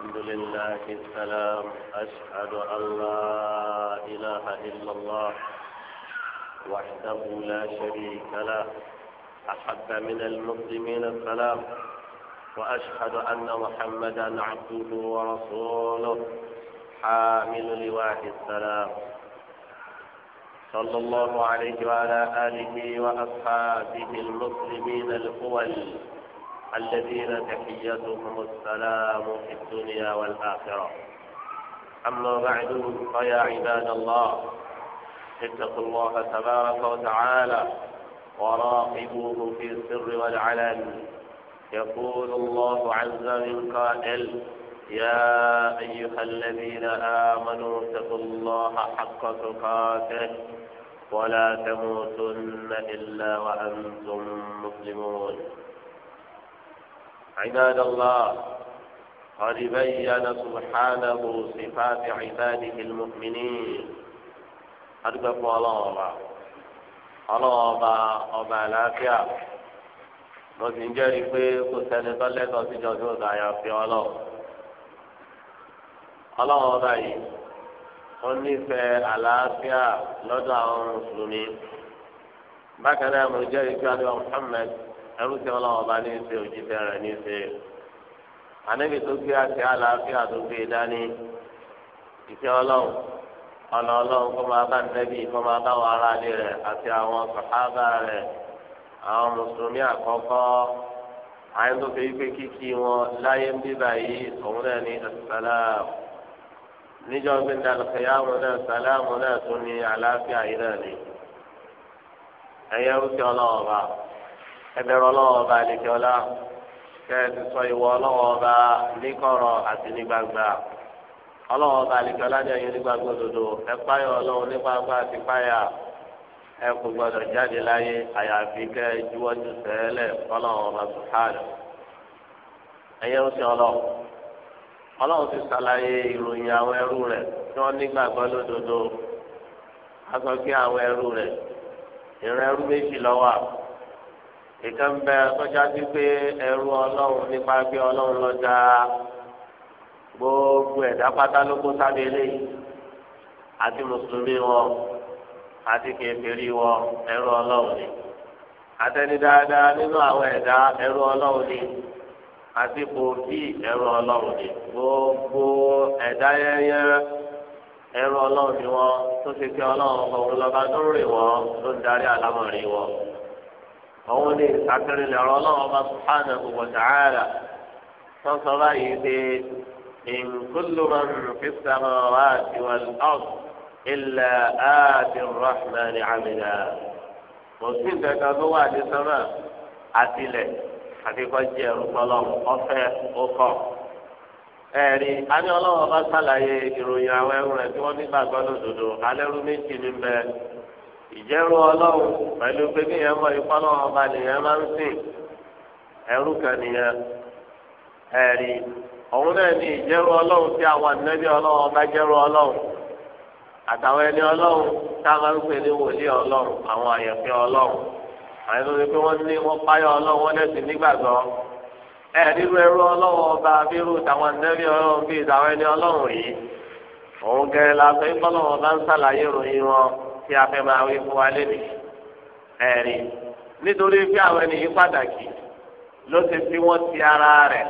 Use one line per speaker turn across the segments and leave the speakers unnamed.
الحمد لله السلام أشهد أن لا إله إلا الله وحده لا شريك له أحب من المسلمين السلام وأشهد أن محمدا عبده ورسوله حامل لواء السلام صلى الله عليه وعلى آله وأصحابه المسلمين الأول الذين تحيتهم السلام في الدنيا والآخرة أما بعد فيا عباد الله اتقوا الله تبارك وتعالى وراقبوه في السر والعلن يقول الله عز من قائل يا أيها الذين آمنوا اتقوا الله حق تقاته ولا تموتن إلا وأنتم مسلمون عباد الله قد بين سبحانه صفات عباده المؤمنين أدبكوا الله أبا الله أبا أبا العافية lọ́sìn jẹ́rìí pé kò sẹ́ni tọ́lẹ́tọ̀ síjọ tí ó dà yà fi ọlọ́ọ̀ ọlọ́wọ́ báyìí ó nífẹ̀ẹ́ àlàáfíà lọ́dọ̀ àwọn mùsùlùmí bákan náà mo jẹ́rìí pé adúlọ́ Muhammad ẹrú tí ọlọ́wọ́ bá ní í ṣe òjíṣẹ́ rẹ̀ ní í ṣe ànábì tó gbé àti àlàáfíà tó gbé e dání ìṣẹ́ ọlọ́wọ́ ọ̀nà ọlọ́wọ́ kó máa bá nẹ́bí kó máa bá wọn ará ilé rẹ̀ àti àwọn sàhábà rẹ̀ àwọn mùsùlùmí àkọ́kọ́ àyìn tó fi pé kíkí wọn láyé ń bíbà yìí òun náà ní asàlám níjọ́ gbé ní alùpàyàmù náà sàlámù náà tún ní àlàáfíà yìí náà ní ẹ̀yẹ́ rúṣẹ́ ọlọ́wọ́ bá. ẹbẹ̀rẹ̀ ọlọ́wọ́ ọba àlejòọlá kẹ́ẹ̀sì sọ ìwọ ọlọrọ ọba nìkọrọ àti ní Ọlọrọ ọba àlejòọlá ní ẹ̀yìn ní òdodo ẹ̀páyọ̀ ọlọ́wọ́ àti páyà jáde láyé àyàfi ọlọrọ ọba ọlọrọ ti sàlàyé ìròyìn àwọn ẹrú tí lódodo àwọn ẹrú ìrìn ẹrú ìkan bẹ tọ́já sí pé ẹrú ọlọ́run nípa pé ọlọ́run lọ gbogbo ẹ̀dá pátá ló kó sábẹ́ eléyìí àti mùsùlùmí wọn àti kèfèrí wọn ẹrú ọlọ́run ni àtẹni dáadáa nínú àwọn ẹ̀dá ẹrú ọlọ́run ni àti kòfí ẹrú ọlọ́run ni gbogbo ẹ̀dá yẹnyẹ ẹrú ọlọ́run ni wọn tó ṣe pé ọlọ́run ọ̀hún lọ́ba tó rìn wọn tó darí àlámọ̀rí wọn. àwọn olè sàkérè lọ́rọ́ ọlọ́run ọba subhanahu ụbọchị ta'ala Sọsọ sọ báyìí pé nkúlù máa ń waa sàmà ilẹ̀ áàdì rahman amina kò sí tó wà ní sọ́mà àtìlẹ̀ àfikọ́jẹ́ ọlọ́run ọ̀fẹ́ ọkọ̀ ẹ̀rí àní sàlàyé ìròyìn àwọn ẹrù rẹ̀ tí wọ́n lódodo alẹ́rú méjì ìjẹ́rú ọlọ́run pẹ̀lú pé kéèyàn mọ ipá lọ́wọ́ ọba nìyẹn máa ń sìn ẹrú kan nìyẹn ẹ̀rí òun náà ní ìjẹ́rú ọlọ́run tí àwọn ànábì ọba jẹ́rú ọlọ́run àtàwọn ẹni ọlọ́run tá a máa ń pè ní wòlíì ọlọ́run àwọn àyẹ̀fẹ́ ọlọ́run pé wọ́n ní wọ́n páyọ̀ ọlọ́run wọ́n lẹ́sìn ọba tàwọn ànábì ọlọ́run bíi tàwọn ẹni ọlọ́run la fẹ́ tí a fẹ́ máa wí fún wa lẹ́nu ẹ̀rí nítorí pé àwọn ènìyàn pàtàkì ló ti fi wọ́n ti ara rẹ̀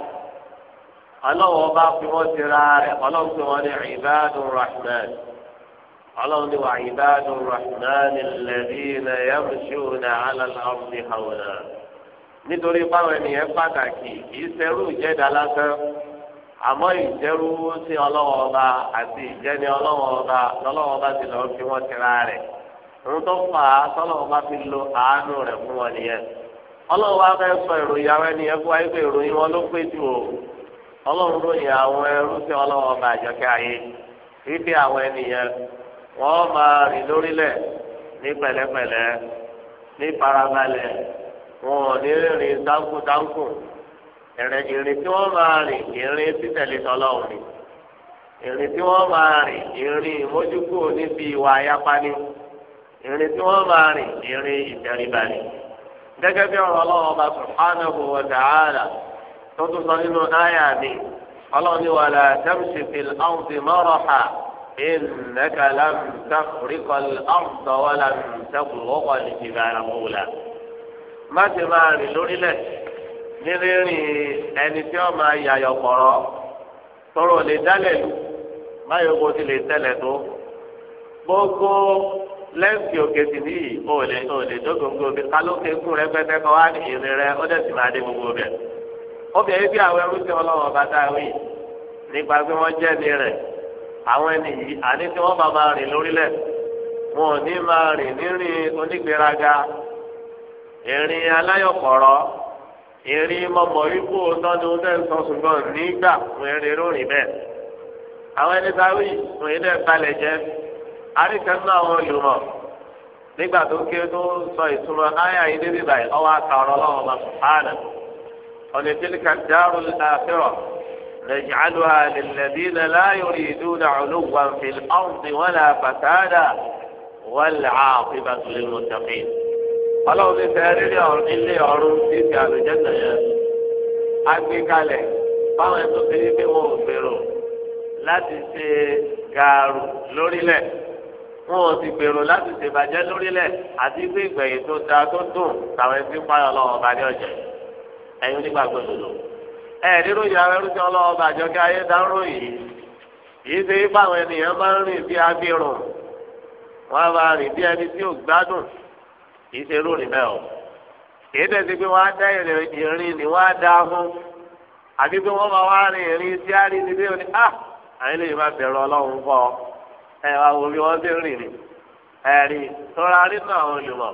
ọlọ́wọ́ bá fi wọ́n ti ra rẹ̀ ọlọ́wọ́ fi wọ́n ní ìbádùn rahman ọlọ́wọ́ ní wà ìbádùn rahman alladhina yamshuna ala al-ardi hawna nítorí báwọn ènìyàn pàtàkì kìí ṣerú ìjẹ́dá lásán àmọ́ ìjẹ́rú sí ọlọ́wọ́ ọba àti ìjẹ́ni ọlọ́wọ́ ọba lọ́lọ́wọ́ ọba ti lọ́ọ́ fi wọ́n ti ra rẹ̀. rúdọ́ fà á sọlọ bá fi lo àánú rẹ̀ fún wọn nìyẹn ọlọ́run wá fẹ́ sọ ìròyìn àwọn ẹni ayé pé ìròyìn wọn ló pé o ọlọ́run ròyìn àwọn ẹrú sí ọlọ́run ọba àjọkẹ́ ayé wípé àwọn ènìyàn wọ́n máa rìn lori ní pẹ̀lẹ́pẹ̀lẹ́ ní farabalẹ̀ wọn ò ní rìn dáńkùdáńkù ìrìn tí wọ́n máa rìn ìrìn títẹ̀lé ni ìrìn tí máa ìrìn tí wọ́n máa rìn ìrìn ìtẹríba ni gẹ́gẹ́ bí ọ̀rọ̀ Ọlọ́run ọba subhanahu wa ta'ala tó tún sọ nínú àyà mi Ọlọ́run ní wàlá tamshi fil ardi maraha innaka lam tafriqa al arda wa lam tablugha al jibala qula má ti máa rìn lórílẹ̀ ní ẹni tí wọ́n máa yàyọ̀ pọ̀rọ̀ tọrọ lè dálẹ̀ báyọ̀ kó ti lè tẹ̀lẹ̀ tó gbogbo lẹ́ǹsì òkè sì ní yìí ó lè ó lè tó gbogbo bí kálókè kú rẹpẹtẹ kọ wá ní ìrìn rẹ ó dẹ̀ sì máa dé gbogbo bẹ̀. obìnrin bí àwọn ẹrú tí ọlọ́wọ́ bá dá wí nípa pé wọ́n jẹ́ ní rẹ̀ àwọn ẹni yìí àní tí wọ́n bá máa rìn lórílẹ̀ wọn ò ní máa rìn nírìn onígbéraga ìrìn aláyọ̀kọ̀rọ̀ ìrìn mọ̀mọ́ ikú tọ́ni ó dẹ̀ sọ ṣùgbọ́n nígbà wọn ìrìn rórìn bẹ́ẹ̀ àwọn ẹni àríkànnà àwọn olùmọ̀ nígbà tó ké tó sọ ìtumọ̀ ayà yìí débi báyìí ọwọ́ àka ọ̀rọ̀ ọlọ́wọ́ bá sùpáàdà ọ̀nà tilka dárul àfẹ́rọ̀ nàìjíríà lẹ́lẹ́dínà láyò ìdúnà olùwà fìl ọ̀rùn wàlà fàtàdà wàlà àfìbà tùlẹ̀ mọ̀tàkì. ọlọ́run ti fẹ́ rí ilé ọ̀run ti fi àlùjẹ́nà yẹn agbékalẹ̀ fáwọn ẹ̀tọ́ fi ní pé wọ́n ò fèrò láti ṣe gàrú wọn ò ti gbèrò láti ṣèbàjẹ́ lórílẹ̀ àti pé ìgbẹ̀yìn tó da tó dùn táwọn ẹbí ọba ní ọ̀jẹ̀ ẹ̀yin onígbàgbọ́ lòlò. ẹ nínú ìyá ẹrúṣẹ́ ọlọ́wọ́ ayé dáró yìí yìí ṣe àwọn ènìyàn máa ń rìn bí wọn rìn bí o tẹ̀sí pé wọ́n á dá ìrìn ni wọ́n á dá fún àbí pé wọ́n wá rìn ìrìn ẹ wá wo bí wọ́n ti rìn rìn ẹ̀rí tọ́ra nínú àwọn olùmọ̀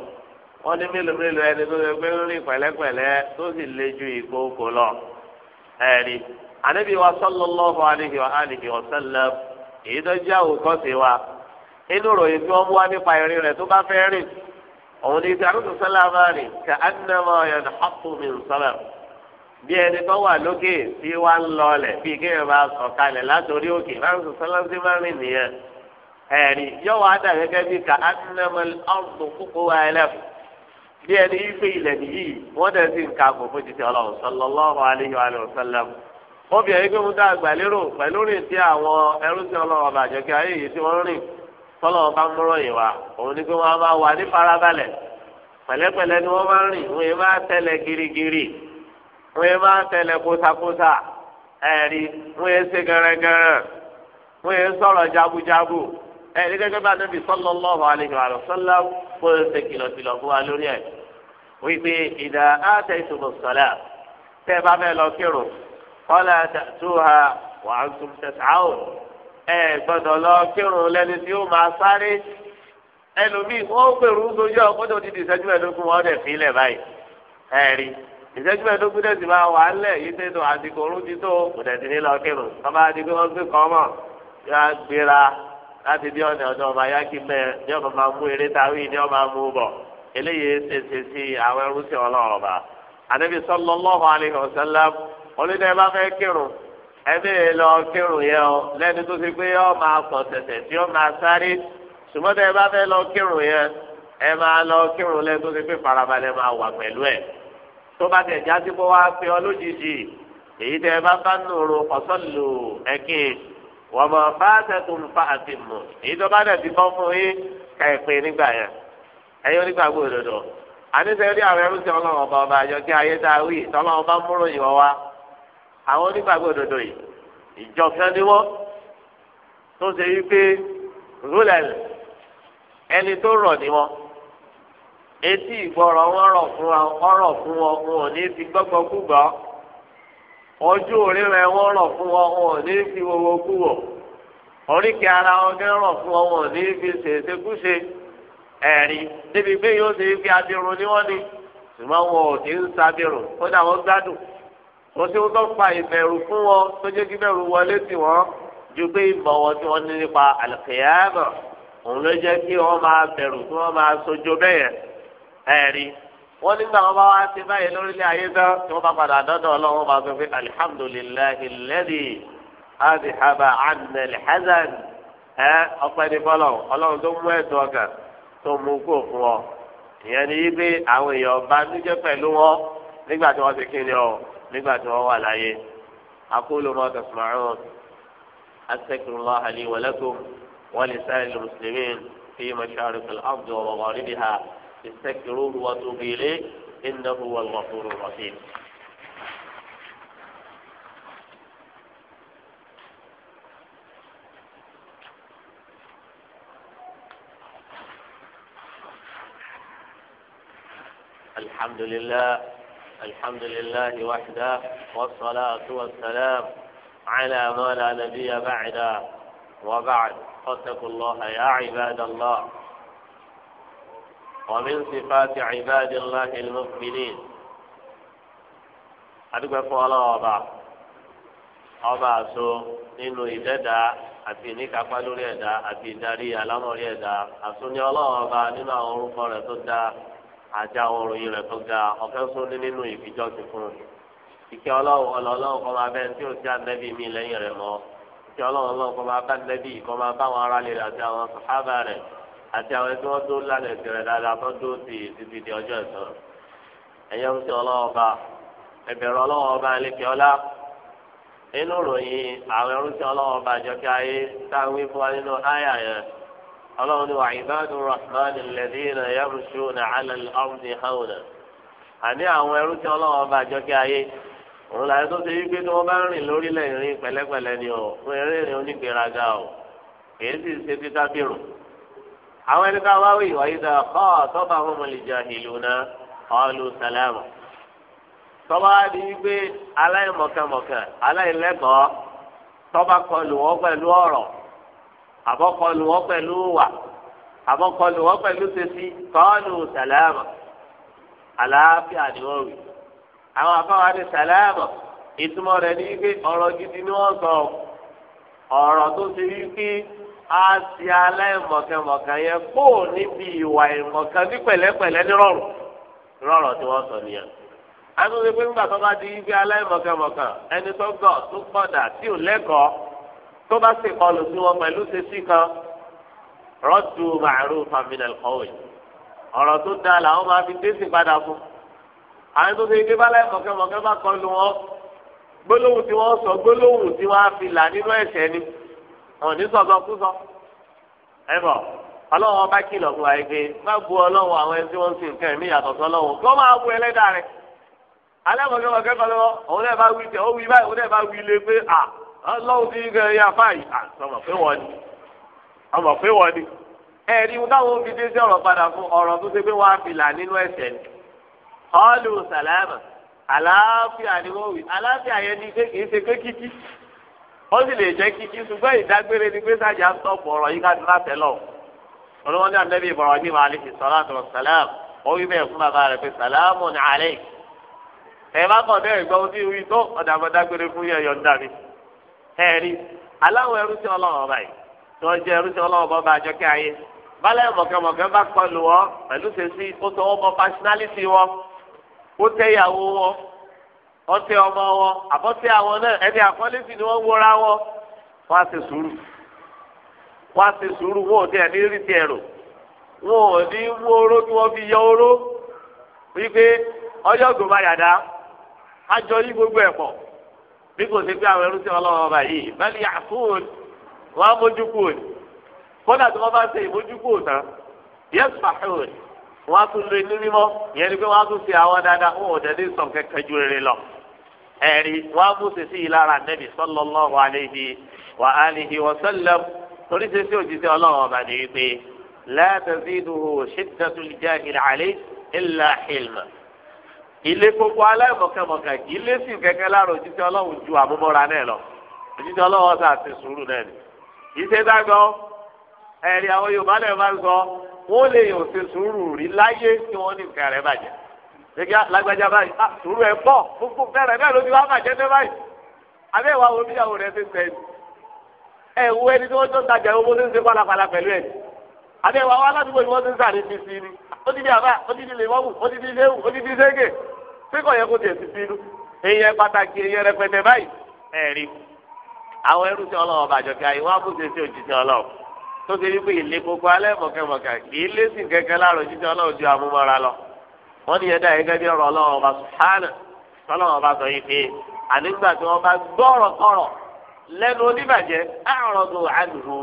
wọ́n ní mélòó mélòó ẹni tó ṣe pé rìn pẹ̀lẹ́pẹ̀lẹ́ tó sì le ju ìkókò lọ ẹ̀rí ànábì wa sallallahu alaihi wa alihi wa sallam èyí tó jẹ́ àwòkọ́ṣe wa inú ròyìn tí wọ́n mú wá nípa ìrìn rẹ̀ tó bá fẹ́ rìn òun ní sàrúdù sálámà rìn kà ánàmà ọ̀yàn hàpùmí sọ́lá bí ẹni tó wà lókè tí wàá ń lọlẹ̀ bí kéèyàn bá sọ̀kalẹ̀ látòrí òkè láti sọ́lá sí má rìn nìyẹn. ẹ̀rí yóò wá dà gẹ́gẹ́ bí ká anamọ́lì ọ̀dùn kúkú wa ẹlẹ́fù bí ẹni ife ilẹ̀ nìyí wọ́n dẹ̀ sí nǹkan àgbò fún jìjì ọlọ́run sallallahu alaihi wa sallam. wọ́n bí ẹni pé mo dá àgbà lérò pẹ̀lú rìn àwọn ẹrú sí ọlọ́run ọba àjọkẹ́ ayé yìí tí wọ́n rìn bá ni pé wọ́n máa wà ní farabalẹ̀ girigiri wọ́n yẹn máa kótakóta ẹ̀rí ẹ ní gẹ́gẹ́ bá níbi sallallahu alaihi wa sallam kó o ṣe kìlọ̀kìlọ̀ fún wa lórí ẹ̀ wípé ìdá àtẹ ìṣòro sọ̀lá tẹ́ ẹ bá fẹ́ lọ kírun kọ́lá tó ha wà á tún tẹ̀sà ó ẹ gbọ́dọ̀ lọ kírun lẹ́ni tí ó máa sáré ẹlòmíì wọ́n pèrú lójú ọ̀pọ̀tò ti di ìṣẹ́jú ẹ̀dógún wọn dẹ̀ fi ilẹ̀ báyìí ìṣẹ́jú ẹ̀dógún dẹ̀ sì máa wà á lẹ̀ yìí tẹ́tọ̀ àsìkò orun tó kò dẹ̀ sí kírun tọ́ bá di pé mọ̀ yóò gbéra láti bí ọ̀nà ọ̀dọ́ ọba yákí mẹ́rin ní ọba máa mú eré táwí ní ọba mú bọ̀ eléyìí ṣèṣe sí àwọn ẹrú sí ọlọ́run ọba. ànábi sallallahu alaihi wasallam olùdó ẹ bá fẹ́ kírun ẹbí lọ kírun yẹn o lẹ́ni tó ti pé ọ máa pọ̀ tẹ̀tẹ̀ tí ó máa sáré ṣùgbọ́n ẹ bá fẹ́ lọ kírun yẹn ẹ máa lọ kírun lẹ́ni tó ti pé farabalẹ̀ máa wà pẹ̀lú ẹ̀ tó bá tẹ̀ jásí bó wá pé ọ lójijì èyí tẹ bá bá nù ọ̀sán lò ẹ̀kín wọ́n mọ̀ fáṣẹ tó ń fa àfihàn èyí tó bá dẹ̀ ti bọ́ fún yín ká ìpè nígbà yẹn ẹ̀yin onígbàgbọ́ òdodo àníṣẹ́rí àwọn ẹrú sí ọlọ́run ọba ọba àjọ kí ayé dá wí tọ́lọ́run bá múrò yìí wọ́n wá àwọn onígbàgbọ́ òdodo yìí ìjọkan ni wọ́n tó ṣe yí pé rúlẹ̀lì ẹni tó rọ̀ ni wọ́n etí ìgbọràn wọn rọ̀ fún wọn wọn rọ̀ fún wọn wọn ò ní fi gbọ́gbọ́ gbùgbọ́ ọjọ́ orí rẹ̀ wọ́n rọ̀ fún wọn wọn ní fi owó kú wọ̀ ara ọ rọ̀ fún wọn wọn ní fi ṣèṣekúṣe ẹ̀rí débi pé yóò ṣe fi wọ́n ṣùgbọ́n wọn ò ní ń kódà wọ́n gbádùn pa ìbẹ̀rù fún wọn tó jẹ́ kí bẹ̀rù wọlé ju pé ìmọ̀ wọn tí wọ́n ní nípa àlùkìyàmọ̀ òun ló jẹ́ kí wọ́n máa bẹ̀rù kí wọ́n máa sojo bẹ́yẹn wọ́n nígbà wọn bá wá ṣe báyìí lórílẹ̀ ayé tán tí wọ́n bá padà dọ́dọ̀ ọlọ́run bá sọ pé alihamudulilayi lẹ́dí adihaba anel hazan ẹ ọpẹ́ ní fọlọ́ ọlọ́run tó mú ẹ̀dùn ọkàn tó mú kó fún ọ ìyẹn ni yí pé àwọn èèyàn bá níjẹ́ pẹ̀lú wọn nígbà tí wọ́n ti kí ni ọ nígbà tí wọ́n wà láyé akólo mọ́ tasmaun astaghfirullah li wa lakum wa lisa'il muslimin fi masharikil ardi wa magharibiha. استكبروا وتوبوا إليه إنه هو الغفور الرحيم الحمد لله الحمد لله وحده والصلاة والسلام على ما لا نبي بعده وبعد فاتقوا الله يا عباد الله ومن صفات عباد الله المؤمنين adúgbò fún ọlọ́wọ́ ọba ọba àṣọ nínú ìdẹ́dà àti ìníkápá lórí ẹ̀dá àti ìdarí alámọ̀rí ẹ̀dá àṣọ ní ọlọ́wọ́ ọba nínú àwọn orúkọ rẹ̀ tó dá àti àwọn òròyìn rẹ̀ tó dá ọ̀fẹ́ fún ní nínú ìfijọ́ ti fún un ìkẹ́ ọlọ́wọ́ ọlọ́wọ́ kọ́ máa bẹ́ẹ̀ tí ó ti ànẹ́bí mi lẹ́yìn rẹ̀ mọ́ ìkẹ́ ọlọ́wọ́ ọlọ́wọ́ kọ́ máa bá ànẹ́bí kọ́ máa bá àwọn aráàlú rẹ̀ àti àwọn sàhábà rẹ̀ àti àwọn ẹgbẹ́ wọn tó lálẹ́ tẹ̀rẹ̀ dáadáa tó dó sí títí di ọjọ́ ẹ̀sán ẹ̀yẹ́ ń sọ ọlọ́wọ́ bá ẹ̀bẹ̀rẹ̀ ọlọ́wọ́ bá ẹlẹ́kẹ́ ọlá inú ròyìn àwọn ẹrúsẹ́ ọlọ́wọ́ bá jọkẹ́ ayé táwọn ìfún wa nínú áyà yẹn ọlọ́run ni wà ìbádùn rahman lẹ́dínà yẹ́rùsù ní alẹ́ ọ̀rùnì hàwùnà àní àwọn ẹrúsẹ́ ọlọ́wọ́ bá jọkẹ́ ayé òun làyẹ àwọn ẹni ká wá wí ìwà yìí dáa kọ́ tọ́ba fún mọ̀lẹ́jà ìlú náà ọ̀lù sàlámù. tọ́ba di wípé aláìmọ̀kẹ́mọ̀kẹ́ aláìlẹ́kọ̀ọ́ tọ́ba kọlù wọ́n pẹ̀lú ọ̀rọ̀ àbọ̀kọlù wọ́n pẹ̀lú wà àbọ̀kọlù wọ́n pẹ̀lú sẹ́sí kọ́ọ̀lù sàlámù àlàáfíà ni wọ́n wí. àwọn afáwa ní sàlámù ìtumọ̀ rẹ̀ ní wípé ọ̀rọ̀ gidi ni wọ́n sọ ọ̀rọ̀ tó ti wípé a ti aláìmọ̀kẹ́mọ̀kẹ́ yẹn kó níbi ìwà ìmọ̀kẹ́ ní pẹ̀lẹ́pẹ̀lẹ́ ní rọrùn rọrùn tí wọ́n sọ nìyẹn. àtúnṣe pé nígbà tó bá di ibi aláìmọ̀kẹ́mọ̀kẹ́ ẹni tó gọ̀ tó kọ̀dà tí ò lẹ́kọ̀ọ́ tó bá sì kọlù sí wọn pẹ̀lú ṣẹ́sí kan rọ́tù màrú faminal kọ́wé ọrọ tó da làwọn máa fi dé sí padà fún. àwọn tó ṣe ibi bá kọlù wọn gbólóhùn tí sọ gbólóhùn tí wọn ní sọsọ kú sọ ẹ bọ ọba kìlọ̀ fún wa yìí pé má bu ọlọ́run àwọn ẹni tí wọ́n ń sin nǹkan ẹ̀mí yàtọ̀ sọlọ́run kí wọ́n máa bu ẹlẹ́dà rẹ̀ alẹ́mọ̀kẹ́ wọn kẹ́kọ̀ọ́ lọ́wọ́ òun náà bá wí tẹ ó wí báyìí òun náà bá wí lé pé à ọlọ́run ti gẹ ẹyà fáyì à sọmọ pé wọ́n ni ọmọ pé wọ́n ni ẹ̀rí wọn fi dé sí ọ̀rọ̀ padà fún ọ̀rọ̀ tó ṣe pé wọ́n á fi là nínú ẹ̀sẹ̀ ni ọlù sàlámà àlàáfíà ni wọ́n wí àlàáfíà yẹn ni kì ó sì lè jẹ́ kíkí ṣùgbọ́n ìdágbére ni pé sájà ń tọ́pọ̀ ọ̀rọ̀ yìí káàdì láti lọ. olówó ní ànábì Ibrahim alayhi salatu wa salam ó wí bẹ́ẹ̀ fún bàbá rẹ̀ pé salamun alayk. ẹ má kàn bẹ́ẹ̀ gbọ́ sí wí tó ọ̀dà àbọ̀dágbére fún yẹ̀yọ̀ ń dàbí. ẹ rí aláwọ̀ ẹrú sí ọlọ́run ọba yìí tó jẹ́ ẹrú sí ọlọ́run ọba àjọ kí ayé. ọtí ọmọ wọn àbọ̀tí àwọn náà ẹni àkọlé sì ni wọ́n wọra wọn wọ́n á ti sùúrù wọ́n á ti sùúrù wọn ò tí ẹ̀ rí wọn ò ní oró tí wọ́n fi yọ oró wípé ọjọ́ gbogbo ẹ̀ pọ̀ bí kò sí pé ọba yìí àfún wọn òní kódà tí wọ́n bá ṣe lọ. ẹ̀rí wọn mú sèṣì yìí lára nẹ́bí sallallahu alayhi wa alihi wa sallam torí sèṣì òjijì ọlọ́run ọba ni wípé la taziduhu shiddatul jahil alayhi illa hilma. ilé gbogbo aláìmọ̀kẹ́mọ̀kẹ́ kì í lé sí kẹ́kẹ́ lára òjijì ọlọ́run ju àmúmọ́ra náà lọ òjijì ọlọ́run ọ̀sà ti sùúrù náà ni. ìṣe dágbọ́ ẹ̀rí àwọn Yorùbá náà máa ń sọ wọ́n lè yàn ṣe sùúrù rí láyé tí wọ́n ní nǹkan bàjẹ́ gẹ́gẹ́ lágbájá báyìí a ah, sùúrù ẹ pọ̀ gbogbo bẹ̀rẹ̀ bẹ́ẹ̀ ló ti wá bàjẹ́ dé báyìí abẹ́ ìwà wo bíyàwó rẹ ti sẹ́yìn ẹ wo ẹni tí wọ́n tó ń tajà owó tó ń ṣe pálapàla pẹ̀lú ẹ̀ abẹ́ ìwà wa aládùúgbò ni wọ́n ti ń sàrí ti sí ni ó ti di àbá ó ti di lèmọ́mù ó ti di léwu ó ti di ségè síkọ̀ yẹ kó tiẹ̀ ti sí inú èèyàn pàtàkì èèyàn rẹpẹtẹ báyìí ẹ̀rí àwọn ẹrú tí ọlọ́wọ́ bàjọ́ kí ayé wọ́n á fún ṣe òjijì ọlọ́wọ́ tó ti rí pé ìlé gbogbo alẹ́ mọ̀kẹ́mọ̀kẹ́ kì í lé sí kẹ́kẹ́ láàrọ̀ òjijì ju àmúmọ́ra lọ wọ́n ní ẹ̀dá gẹ́gẹ́ bí ọ̀rọ̀ ọlọ́run ọba sùhánà tọ́lọ́run ọba sọ yìí pé ànígbà tí wọ́n bá gbọ́rọ̀ kọ̀rọ̀ lẹ́nu oníbàjẹ́ àròdù àdùrù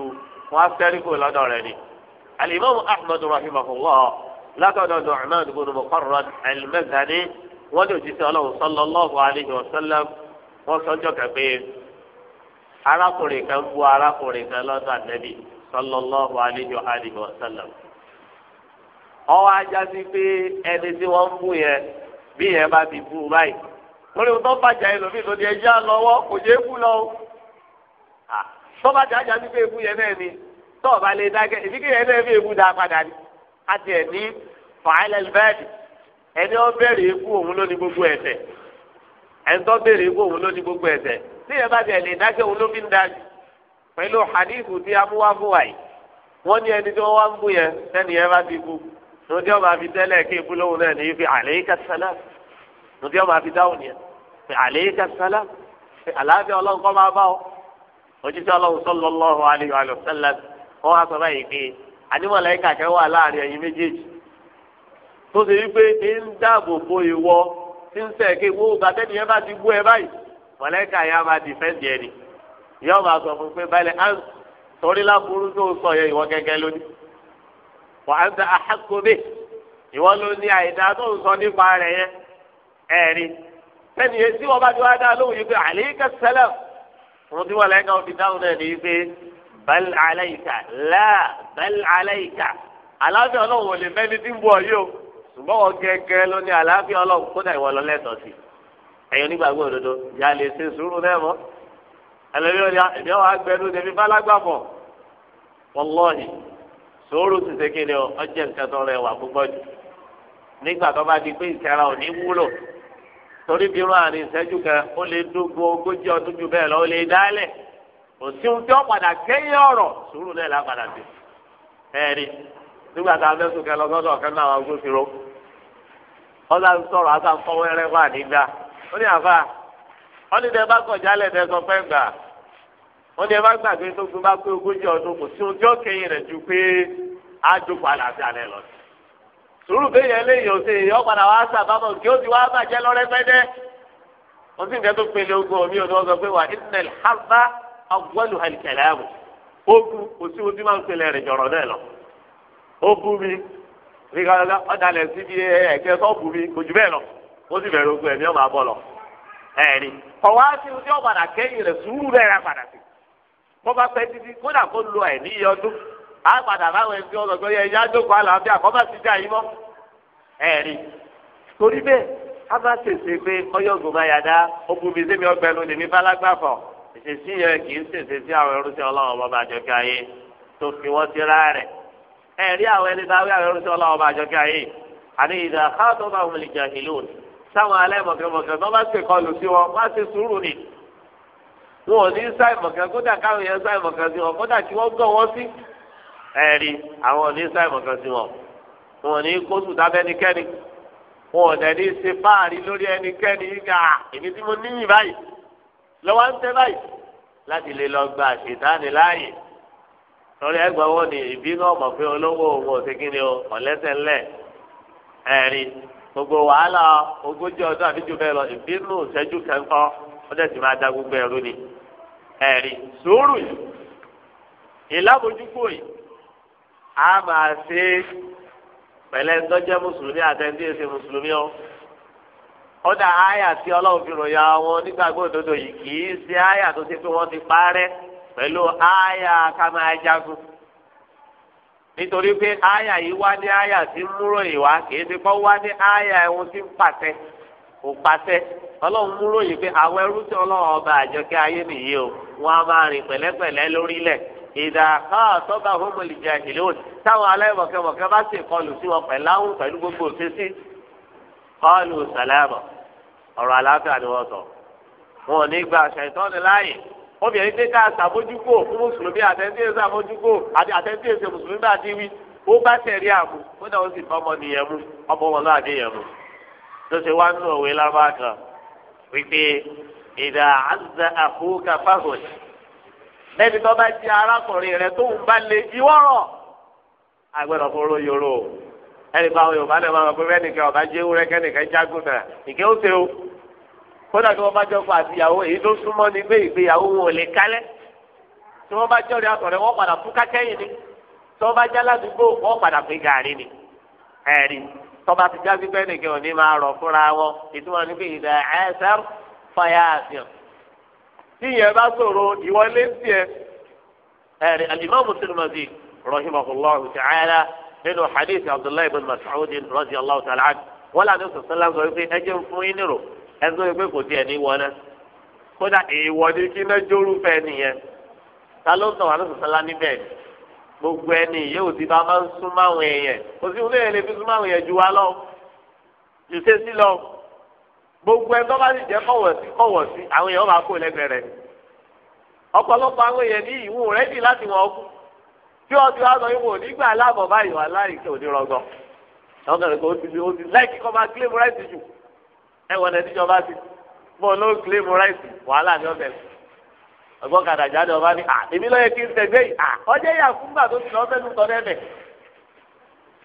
wọn á fẹ́rí kó lọ́dọ̀ rẹ̀ ni. alimami ahmed rahimahullah látọ̀dọ̀ dọ̀cmán gbọdọ mọ̀kọ́rọ̀ alimẹ́sàdé wọ́n ní òjíṣẹ́ ọlọ́run sallallahu alayhi wa ọwọ́ ajá sí pé ẹni tí wọ́n ń bù yẹn bí yẹn bá ti bù báyìí lórí ohun tó bàjẹ́ ẹlòmíì tó di ẹjẹ́ àlọ́wọ́ kò o tó bá ajá sí pé yẹn náà ni o lè dákẹ́ ìdíkì yẹn náà fi ebú dá padà ni a ti ẹ̀ ní fàáìlẹ̀ bẹ́ẹ̀dì ẹni ó bẹ̀rẹ̀ ikú òun o bere gbogbo ẹ̀ṣẹ̀ ẹni tó bẹ̀rẹ̀ ikú òun ló gbogbo ẹ̀ṣẹ̀ tí yẹn bá ti ẹ̀ lè dákẹ́ òun ló fi ń pẹ̀lú a mú wá wa yìí wọ́n ní nùdí ọba àfi tẹ́lẹ̀ kí náà ní fi àlẹ́yíká sálá nùdí ọba àfi dáhùn yẹn fi àlẹ́yíká sálá fi àlàáfíà ọlọ́run kọ́ máa bá ọ òjijì ọlọ́run sallallahu alaihi wa sallam wọ́n wá sọ báyìí pé ànímọ̀lẹ́ kàkẹ́ wà láàrin ẹ̀yin méjèèjì tó ṣe ń dáàbò bo ìwọ tí ń sẹ̀ kí wọ́n tẹ́ni yẹn bá ti gbó ẹ báyìí mọ̀lẹ́kà yẹn á máa wà á da àhákòbè ìwọ ló ní àìdá tó ń sọ nípa rẹ̀ yẹn ẹ̀rí sẹ́ni yẹn tí wọ́n bá ti wá dá lóhùn yìí pé àléékà sẹ́lẹ̀ fún tí wọ́n lẹ́yìn náà fi dáhùn náà ní yìí pé bẹ́ẹ̀lì aláìka láà bẹ́ẹ̀lì aláìka aláfíà ọlọ́run ò lè mẹ́ni tí ń bọ̀ yìí o ṣùgbọ́n wọn gẹ́gẹ́ ló ní aláfíà ọlọ́run kódà ìwọ lọ lẹ́tọ̀ọ́ sí ẹ̀yin onígbàgbọ́ òdodo ìyá lè ṣe sùúrù náà mọ́ ẹlẹ́rìí sòwòrò sì ṣe kéde ọjọ́ nǹkan tó rẹwà púpọ̀ jù nígbà tó bá di pé ò ní wúlò torí bí ìṣẹ́jú kan ó lè dógún ogójì ọdún bẹ́ẹ̀ lọ ó lè dálẹ̀ kò sí ohun tí padà ọ̀rọ̀ sùúrù náà ẹ̀rí nígbà tá a fẹ́ sùn kẹlọ́gọ́dọ̀ ọ̀kan náà àwọn agbófinró ọ̀sà ń sọ̀rọ̀ àtàkọ́wẹ́rẹ́ wà nígbà ó ní ọ́ wọ́n ní ẹ bá gbàgbé tó gbé bá pé ogójì ọdún kò sí kẹyìn rẹ̀ ju pé àjòkò àlàáfíà rẹ̀ lọ. sùúrù bẹ́yẹn eléyìí ọ̀sẹ̀ èèyàn padà wá sábàbọ̀ kí ó ti wá bàjẹ́ lọ́rẹ́fẹ́dẹ́. wọ́n sì ń pinnu ogun omi ọ̀dọ́ sọ pé wà ìtìnẹ̀lì hábà ọ̀gbọ́nù àlìkẹ̀lẹ̀ ogun kò sí máa ń pinnu ẹ̀rìn jọ̀rọ̀ náà lọ. ó bú mi kó bá pẹ́ títí kódà kó lo àìní iye ọdún á padà báwọn ẹni tí wọ́n lọ gbọ́ yẹ ẹ̀yà àjòkó àlàáfíà kọ́ bá ti dá yín mọ́ ẹ̀rí torí bẹ́ẹ̀ a bá ṣèṣe pé ọyọ́gùn máa yàdá ogun mi sí mi ọgbẹ́ lu lèmi bálágbá fọ̀ ìṣèṣì yẹn kì í ṣèṣe sí àwọn ẹrú sí ọlọ́run ọba àjọkẹ́ ayé tó fi wọ́n sí rárẹ̀ ẹ̀rí àwọn ẹni tá a wí àwọn ẹrú sí ọlọ́run ọba àjọkẹ́ ayé àní ìdá káàtó bá wọn lè jà ìlú sáwọn alẹ́ mọ̀kẹ́mọ̀kẹ́ tó bá ṣèkọlù sí wọn wá sí sùúrù ni wọn ò ní sáìmọ̀kan kódà káwọn yẹn sáìmọ̀kan sí wọn kódà kí wọ́n gbọ́ wọn sí ẹ̀rí àwọn ò ní sáìmọ̀kan sí wọn wọn ò ní kó sùdá bẹ́nikẹ́ni wọn ò dẹ̀ ṣe fáàrí lórí ẹnikẹ́ni gà èmi tí mo níyìn báyìí lọ́wọ́ ń tẹ́ báyìí láti lè lọ gba àṣetánì láàyè lórí ẹgbẹ́ wọn ni ìbínú ọmọ pé olówó òun ò ti kíni o ọ̀lẹ́sẹ̀ ńlẹ̀ ẹ̀rí gbogbo wàhálà ogójì ọdún àdíjú bẹ́ẹ̀ lọ ìbínú ìṣẹ́jú kẹ́ńkọ́ ó dẹ̀ sì máa da gbogbo ẹ̀rú ni ẹ̀rí yìí ìlàbójúkò yìí a máa ṣe pẹ̀lẹ́ ńdọ́jẹ́ mùsùlùmí àtẹ̀ndé ṣe mùsùlùmí o ọ̀dà àyà tí ọlọ́run fi ròyìn àwọn onígbàgbọ́ òdodo yìí kì í ṣe àyà tó ti parẹ́ pẹ̀lú àyà nítorí pé àyà yìí wá ní àyà tí ń wá kì kò pàṣẹ ọlọ́run mú lóye pé àwọn ẹrú tí ọlọ́run ọba àjọkẹ́ ayé nìyí o wọn a máa rìn pẹ̀lẹ́pẹ̀lẹ́ lórílẹ̀ ìdá káàtọ́ bá homoli jẹ ìlú òní táwọn aláìmọ̀kẹ́mọ̀kẹ́ bá sì kọlù sí wọn pẹ̀láhùn pẹ̀lú gbogbo òṣèṣì kọlù sàlámọ̀ ọ̀rọ̀ àlàáfíà ni wọ́n sọ wọn ò ní gba ṣàìtọ́ni láàyè obìnrin tí ká ṣàbójúkò fún mùsùlùmí àtẹ̀síyèsí àbójúkò àtẹ̀síyèsí mùsùlùmí bá ti wí ó bá tẹ̀rí àmú ó tó ṣe wá nù òwe lábá kan wípé ìdá àzà àkókò fáwọn lẹ́ni tó bá di arákùnrin rẹ̀ tó ń bá lé ìwọ́rọ̀ agbẹ́dọ̀ fóró yòrò ẹni bá wọn yorùbá náà máa wọ pé bẹ́ẹ̀ nìkan ọba jẹ́ ewúrẹ́ kẹ́nìkan jágùn náà nìkan ó ṣe o kódà kí wọ́n bá jọ fún àtìyàwó èyí tó súnmọ́ ni pé ìgbéyàwó wọn ò lè kálẹ̀ tí wọ́n bá jọ̀rọ̀ àtọ̀rẹ́ wọ́n padà fún kákẹ́yìn ni tí wọ́n bá jáládùúgbò wọ́n padà pé gàrí ni ẹ̀rí tọba ti já pípẹ́ nìkan ò ní máa rọ̀ fúnra wọn ìtumọ̀ ní pé ìdá ẹsẹ̀ fàyà àfihàn. tí ìyẹn bá sọ̀rọ̀ ìwọlé sí ẹ ẹ̀rí alimami sinimasi rahimahullahu ta'ala nínú hadith abdullahi bin mas'ud radiyallahu ta'ala anhu wọn làdó sọsọlá sọ pé ẹ jẹun fún yín nírò ẹ sọ pé kò tiẹ̀ ní wọná kódà èèwọ̀ ni kí náà jórú fẹ́ nìyẹn ta ló ń sọ wà ló sọsọlá níbẹ̀ ni gbogbo ẹni yóò ti bá máa ń súnmọ́ àwọn èèyàn kò sí ilé ìlẹ̀ fi súnmọ́ àwọn èèyàn ju wa lọ ju sẹ́sí lọ gbogbo ẹni tó bá sì jẹ́ kọ̀wọ̀ sí kọ̀wọ̀ sí àwọn èèyàn máa kó lẹ́gbẹ̀ẹ́ rẹ̀ ọ̀pọ̀lọpọ̀ àwọn èèyàn ní ìwú rẹ̀ dì láti wọn kú tí wọ́n ti wá sọ ìwò nígbà aláàbọ̀ báyìí wà láì kí òní rọgbọ àwọn kan kò ti ó ti láì kíkọ́ máa kílèmù ráìsì jù ẹ̀wọ̀n ẹ̀ tíjọba ti bọ́ọ̀ ló kílèmù ráìsì wàhálà ní ọ̀bẹ̀ ọgbọ́n kàdà jáde ọba ní à èmi lọ́yẹ kí n tẹ̀gbẹ́ yìí à ọjọ́ yà fún gbà tó ti lọ fẹ́ẹ́ tọ́ lẹ́bẹ̀.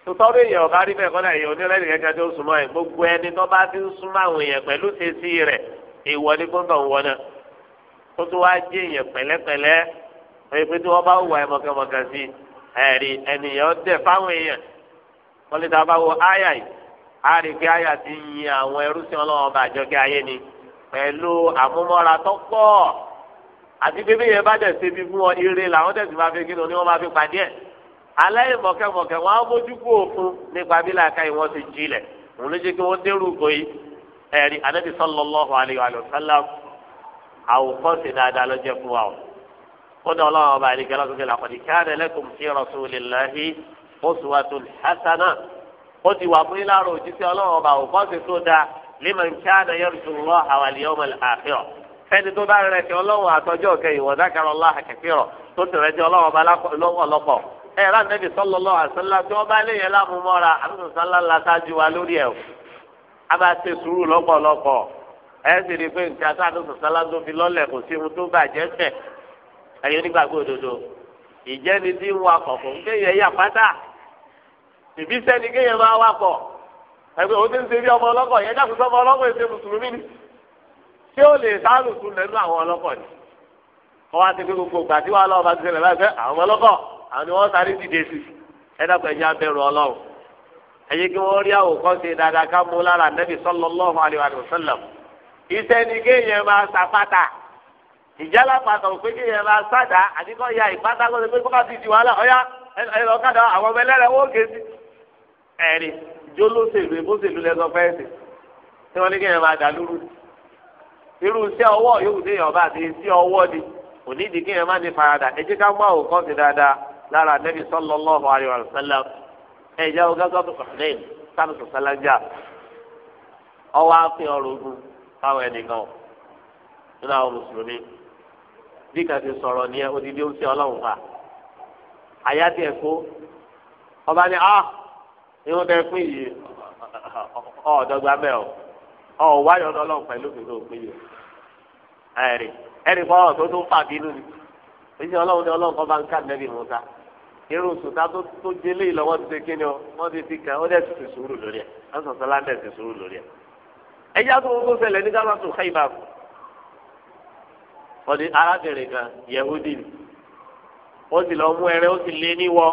tutọ́rọ èèyàn ọba rí bẹ́ẹ̀ kọ́lá èèyàn onílẹ̀ nìkan kan tó ń súnmọ́ ẹ̀ gbogbo ẹni tó bá ti ń súnmọ́ àwọn èèyàn pẹ̀lú tẹ̀sí rẹ̀ èèwọ̀ ni gbọ́ngàn ń wọnà tó tó wá jẹ́ èèyàn pẹ̀lẹ́pẹ̀lẹ́ pé tí wọ́n bá wà ẹ̀ mọ̀kànmọ̀kàn sí ẹ̀rí ènìyàn dẹ̀ fáwọn èèyàn wọ́n lè ta ti yin àwọn ẹrú sí ọlọ́run ọba àjọkẹ́ ayé ni pẹ̀lú àmúmọ́ra tó pọ̀ àti pé bẹ́ẹ̀ bá dẹ̀ ṣe bí fún ọ ire làwọn tẹ̀sí máa fi kíni oníwọ́n máa fi pàdé ẹ̀ aláìmọ̀kẹ́mọ̀kẹ́ wọn á mójú kú òfin nípa bí làákà yìí wọ́n ti jílẹ̀ òun ló jẹ́ kí wọ́n dérú goyi ẹ̀rí anábì sallallahu alaihi wa sallam àwòkọ́sì dáadáa ló jẹ́ fún wa o ó ní ọlọ́run ọba àdìgẹ́ lọ́sọ̀kẹ́ làkọ́dì kana fẹ́ni tó bá rẹ̀ sí ọlọ́run àtọ́jọ́ kẹyìn wọ́n dákàrọ̀ kẹfìrọ̀ tó ti rẹ̀ sí ọlọ́run ọba lọ́wọ́ ọlọ́pọ̀ ẹ ẹ láti nẹ́bi sọ́lọ́lọ́ àṣọlá tí bá lè yẹn lámúmọ́ra la wa lórí ẹ̀ a bá ṣe sùúrù lọ́pọ̀lọpọ̀ ẹ sì rí i pé nǹkan àtúntòsánlá tó fi lọ́lẹ̀ kò sí ohun tó bàjẹ́ fẹ̀ ẹ̀yọ́ nígbàgbọ́ òdodo ìjẹ́ni ṣé ó lè sáàlù tún lẹ́nu àwọn ọlọ́kọ̀ ni wọ́n wá ti pé gbogbo ìgbà tí wọ́n lọ́wọ́ bá ti ṣẹlẹ̀ láì fẹ́ àwọn ọlọ́kọ̀ àwọn ni wọ́n sáré dìde sí ẹ dàpọ̀ ẹ̀jẹ̀ abẹ́rù ọlọ́run ẹ̀yẹ kí wọ́n rí àwòkọ́ ṣe dáadáa ká mú lára nẹ́bí sallallahu alaihi wa sallam iṣẹ́ ni kéèyàn máa sàpátà ìjálá pàtó pé kéèyàn máa sádà àdìgbò ya ìpátá kó ṣe pé kó ti di wàhálà ọ̀yá irú iṣẹ́ ọwọ́ yóò dé yọ̀ọ̀bá àti iṣẹ́ ọwọ́ ni òní ìdí kí ẹ má ní farada ẹ jẹ́ ká mú àwòkọ́ sí dáadáa lára nẹ́bí sallallahu alaihi wa sallam ẹ jẹ́ ọgá gọ́dọ̀ kọ̀ọ̀lẹ́yìn sábà sọ̀sálà jà ọwọ́ àfi ọrọ̀ ogun fáwọn ẹnìkan nínú àwọn mùsùlùmí bí kan ti sọ̀rọ̀ ní odidi oúnjẹ ọlọ́run fà àyà tí ẹ kó ọba ni ah irun tẹ fún yìí ọ̀ọ́dọ́gba o ọ̀ wáyọ̀ lọ́lọ́run pẹ̀lú òfin òfin yìí ẹ̀rì ẹ̀rì fọ́ ọ̀rọ̀ tó tó fà bínú ni èyí ọlọ́run ni ọlọ́run kọ́ bá ń ká nẹ́bí Musa irun sùtá tó délé ìlọ́wọ́ ti ṣe kíni o wọ́n ti fi kàn ó dẹ̀ ti sùúrù lórí ẹ̀ wọ́n sọ̀tọ́ láńdẹ̀ ti sùúrù lórí ẹ̀ ẹ̀yà tó ń tó ṣẹlẹ̀ ní gánà tó Khaybar wọ́n di arábìnrin kan Yehudi ni ó sì lọ mú ẹrẹ ó sì lé níwọ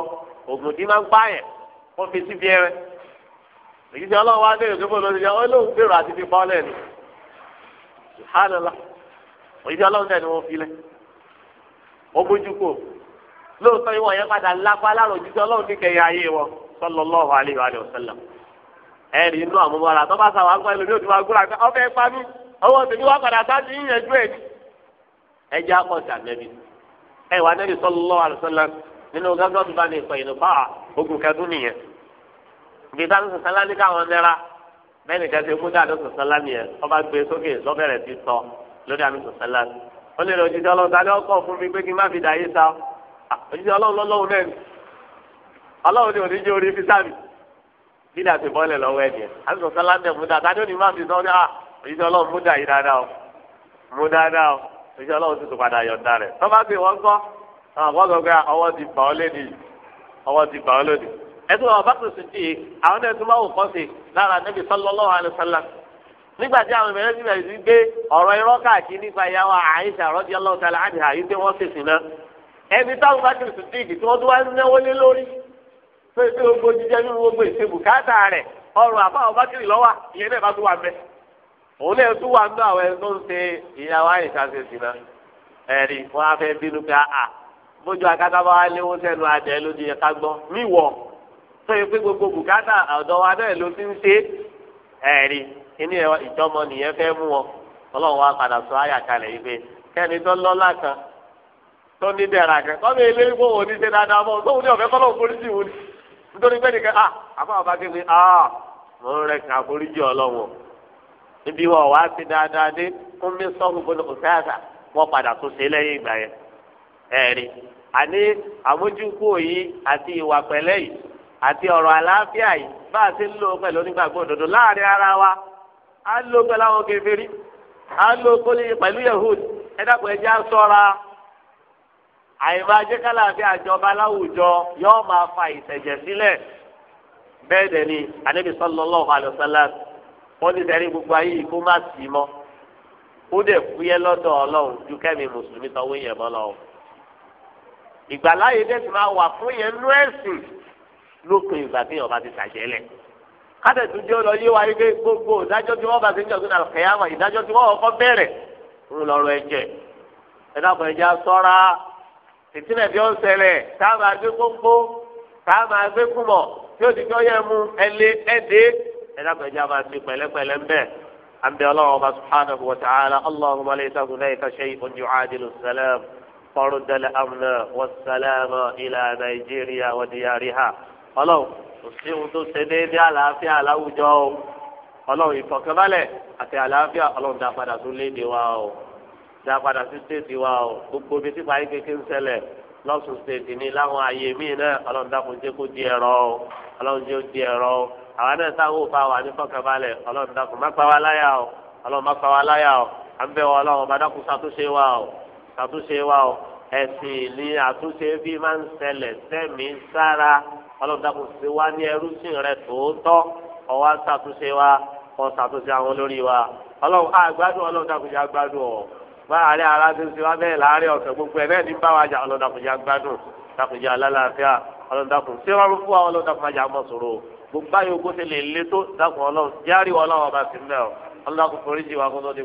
ògùn tí máa ń pààyàn wọ́n fi síbi ẹrẹ èyí ṣe ọlọ́run wá bẹ̀rẹ̀ pé bọ́ọ̀lù ọ̀sẹ̀ ọ lóun bẹ̀rù àti fi bọ́ lẹ́nu hánilá èyí ṣe ọlọ́run tẹ̀ ni wọ́n filẹ̀ ó bójú kò lóòótọ́ ìwọ̀n yẹn padà lápá láàrọ̀ jíjẹ́ ọlọ́run ní kẹyìn ayé wọn sallallahu alaihi wa sallam ẹ̀rí inú ibi tá a lóṣù sálá ní káwọn nira bẹ́ẹ̀ nìkan ti kú dáa lóṣù sálá nìyẹn ọba gbé sókè lọ́bẹ̀rẹ̀ ti sọ lórí àlóṣù sálá ó lè lọ jíjẹ ọlọ́run tàbí ọkọ̀ fún mi pé kí n má fi dà yé sa òjíjẹ ọlọ́run lọ́lọ́run náà ni ọlọ́run ni òní jẹ́ orí fi sábì nílẹ̀ àti bọ́ọ̀lẹ̀ lọ́wọ́ ẹ̀ nìyẹn àlóṣù sálá nìyẹn mú dáa tàbí ó ní má fi sọ òjíjẹ ọlọ́run mú dáa yìí dáadáa o mú dáadáa o òjíjẹ ọlọ́run ti tún padà yọ̀ǹda rẹ̀ tọ́ bá gbé wọn kọ́ àwọn àgbọ̀gbẹ́ ọwọ́ ti bà ọ́ lé ẹtù ọbàkùn sìdí àwọn ẹtù na wò kọ́sì lára níbi sallallahu alaihi wasallam nígbà tí àwọn ìbẹ̀rẹ̀ síbẹ̀ sí gbé ọ̀rọ̀ irọ́ káàkiri nípa ìyàwó Àìṣà radiyallahu ta'ala anha yìí pé wọ́n ṣèṣì náà ẹni táwọn bàkùn sìdí tí wọ́n tún wá náwó lé lórí jíjẹ gbogbo bùkátà rẹ̀ ọrùn àbáwọ̀ lọ́wà ìyẹn náà bá wà mẹ́ òun náà wà ẹni tó yẹ pé gbogbo bùkátà ọ̀dọ̀ wa náà ló ti ń ṣe ẹ̀rí inú ìjọmọ nìyẹn fẹ́ mú wọn ọlọ́run wa padà sọ àyà kalẹ̀ yìí pé kẹ́ni tó lọ́lá kan tó ní dẹ̀ra kan kọ́ mi ilé ṣe dáadáa mọ́ ní ọ̀fẹ́ kọ́lọ́ wò ni nítorí pé nìkan ah àbá ọba kéwì ah mo ń rẹ kàn àforíjì ọlọ́run níbi wọn wá sí dáadáa dé fún mi àti ọ̀rọ̀ àlàáfíà yìí bá a ti ń lò pẹ̀lú onígbàgbọ́ òdodo láàrin ara wa á lò pẹ̀lú àwọn a á lò pẹ̀lú yehud ẹ dàpọ̀ ẹjẹ́ sọ́ra àìbájẹ́ kálàáfíà àjọba láwùjọ yóò máa fa ìṣẹ̀jẹ̀ sílẹ̀ bẹ́ẹ̀ dẹ̀ ni anabi sallallahu wọ́n ti gbogbo ayé yìí kó má sì mọ́ ó dẹ̀ lọ́dọ̀ ọlọ́run ju kẹ́mi mùsùlùmí sanwó ìgbàláyé lópin ìgbà tí ọba ti sàjẹ́lẹ̀ kátẹ̀tù jẹ́ lọ yé wa yí pé gbogbo ìdájọ́ tí wọ́n bá ti ń jọ sínú àlùkẹ́yàmà ìdájọ́ tí wọ́n kọ́ bẹ̀rẹ̀ ń lọ́rọ̀ ẹ̀jẹ̀ ẹ̀dàpọ̀ ẹ̀jẹ̀ asọ́ra ìtìlẹ̀ bí ó ń ṣẹlẹ̀ tá a máa gbé gbogbo tá a máa gbé kùmọ̀ tí ó ti fi ọyẹ mu ẹlẹ́ ẹ̀dẹ́ ẹ̀dàpọ̀ ẹ̀jẹ̀ máa ti pẹ̀lẹ́pẹ̀lẹ́ ń bẹ̀ àbí ọlọ́run bá subhanahu ọlọ́run kò sí ohun tó ṣe déédéé àlàáfíà láwùjọ o ọlọ́run ìfọ̀kànbalẹ̀ àti àlàáfíà ọlọ́run dá padà sí léde wa o dá padà sí stéètì wa o gbogbo ibi tí parí kékeré ń ṣẹlẹ̀ lọ́sùn stéètì ni láwọn ààyè míì náà ọlọ́run dákun jẹ́ kó di ẹ̀rọ o ọlọ́run jẹ́ ó di ẹ̀rọ o àwa náà táwọn ò bá wà ní fọ̀kànbalẹ̀ ọlọ́run dákun má pa wá láyà o má pa wá láyà o à ọlọ́dàkù sí wa ní ẹrú sí rẹ tòótọ́ ọwọ́ ṣàtúnṣe wa kọ́ ṣàtúnṣe àwọn olórí wa ọlọ́run àgbádùn ọlọ́dàkù jẹ́ àgbádùn ọ̀ bá àárẹ̀ ara tó ń ṣe wá bẹ́ẹ̀ láàárẹ̀ ọ̀sẹ̀ gbogbo ẹ̀ bẹ́ẹ̀ ní bá wa jà ọlọ́dàkù jẹ́ àgbádùn ọlọ́dàkù jẹ́ alálàáfíà ọlọ́dàkù sí wọn fún wa ọlọ́dàkù má jà mọ̀ sòrò gbogbo ayé ogun ti lè le tó dàkùn ọlọ́run járí ọlọ́run ọba sí mẹ́ ọ ọlọ́dàkù foríjì wa kó tó ti